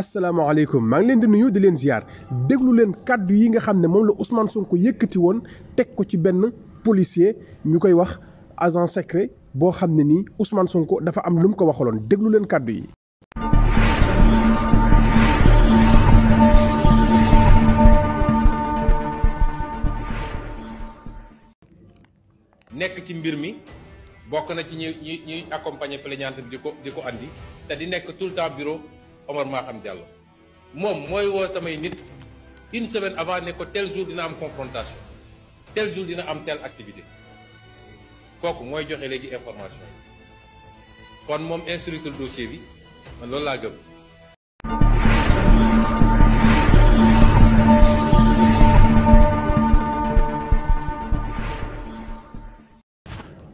asalaamaaleykum maa ngi leen di nuyu di leen ziar déglu leen kàddu yi nga xam ne moom la Ousmane Sonko yëkkati woon teg ko ci benn policier ñu koy wax agent secret boo xam ne nii Ousmane Sonko dafa am lu mu ko waxaloon déglu leen kàddu yi. nekk ci mbir mi bokk na ci ñi ñi ñuy accompagner plaignante di ko di ko andi te di nekk tout le bureau. Omar Maham Diallo moom moi woo samay nit une semaine avant ne ko tel jour dina am confrontation tel jour dina am telle activité kooku mooy joxe l'information, information yi kon moom le dossier bi man loolu laa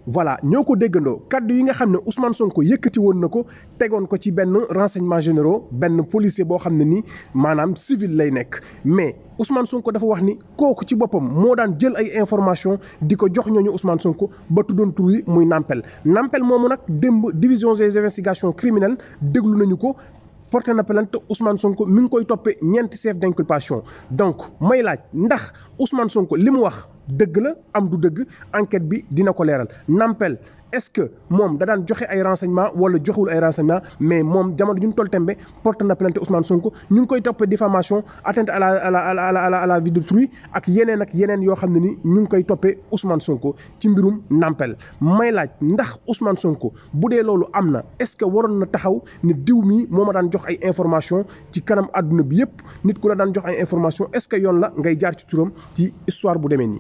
voilà nous déggandoo kaddu yi nga Ousmane Sonko yëkkati woon ko renseignement généraux policier qui xam civil mais Ousmane Sonko dafa wax ni ci nous avons information jox Ousmane Sonko ba Nampel Nampel division des investigations criminelles déglu nañu ko na Ousmane Sonko mi ngi koy d'inculpation donc may laaj ndax Ousmane Sonko deug la am du deug enquête bi dina ko leral nampel est-ce que mom da dan joxe ay renseignements wala joxewul ay renseignement mais mom jamono ju ñu toll tembe porte na plainte Ousmane Sonko ñu koy diffamation atteinte à la à la à la à la vie d'autrui ak yenen ak yenen yo xamni ni ñu koy topé Ousmane Sonko ci mbirum nampel may laaj ndax Ousmane Sonko boudé lolu Amna. est-ce que waron na taxaw ne diw mi moma dan ay information ci kanam aduna bi yépp nit ku la dan jox ay information est-ce que yoon la ngay jaar ci turum ci histoire bu demee ni